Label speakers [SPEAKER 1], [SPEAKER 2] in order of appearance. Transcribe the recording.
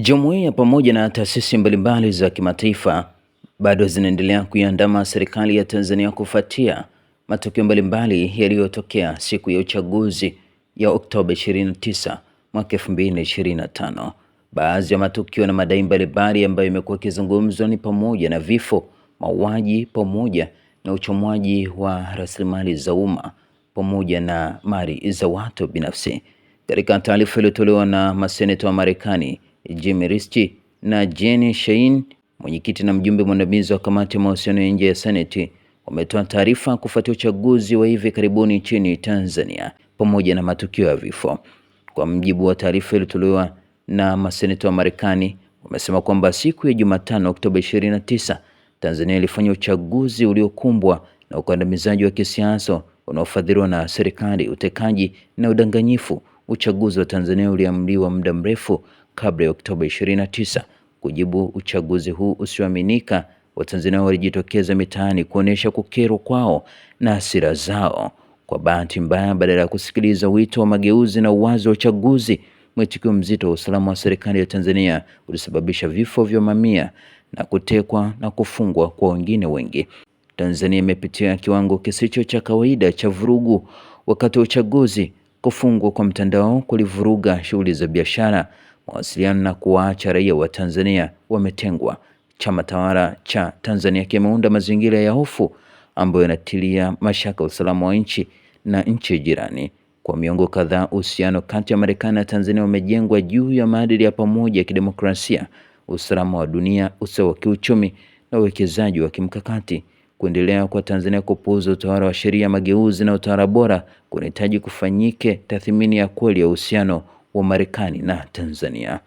[SPEAKER 1] Jumuiya pamoja na taasisi mbalimbali za kimataifa bado zinaendelea kuiandama serikali ya Tanzania kufuatia matukio mbalimbali yaliyotokea siku ya uchaguzi ya Oktoba 29 mwaka 2025. Baadhi ya matukio na madai mbalimbali ambayo yamekuwa ikizungumzwa ni pamoja na vifo, mauaji pamoja na uchomwaji wa rasilimali za umma pamoja na mali za watu binafsi. Katika taarifa iliyotolewa na maseneta wa Marekani Jim Risch na Jenny Shein, mwenyekiti na mjumbe mwandamizi wa kamati ya mahusiano ya nje ya Seneti, wametoa taarifa kufuatia uchaguzi wa hivi karibuni nchini Tanzania pamoja na matukio ya vifo. Kwa mjibu wa taarifa iliyotolewa na maseneta wa Marekani, wamesema kwamba siku ya Jumatano Oktoba 29, Tanzania ilifanya uchaguzi uliokumbwa na ukandamizaji wa kisiasa unaofadhiliwa na serikali, utekaji na udanganyifu. Uchaguzi wa Tanzania uliamliwa muda mrefu kabla ya Oktoba 29 kujibu uchaguzi huu usioaminika. Watanzania walijitokeza mitaani kuonesha kukerwa kwao na hasira zao. Kwa bahati mbaya, badala ya kusikiliza wito wa mageuzi na uwazi wa uchaguzi, mwitikio mzito wa usalama wa serikali ya Tanzania ulisababisha vifo vya mamia na kutekwa na kufungwa kwa wengine wengi. Tanzania imepitia kiwango kisicho cha kawaida cha vurugu wakati wa uchaguzi. Kufungwa kwa mtandao kulivuruga shughuli za biashara, mawasiliano na kuwaacha raia wa Tanzania wametengwa. Chama tawala cha Tanzania kimeunda mazingira ya hofu ambayo yanatilia mashaka usalama wa nchi na nchi jirani. Kwa miongo kadhaa, uhusiano kati ya Marekani na Tanzania umejengwa juu ya maadili ya pamoja ya kidemokrasia, usalama wa dunia, usawa wa kiuchumi na uwekezaji wa kimkakati. Kuendelea kwa Tanzania kupuuza utawala wa sheria, mageuzi na utawala bora kunahitaji kufanyike tathmini ya kweli ya uhusiano wa Marekani na Tanzania.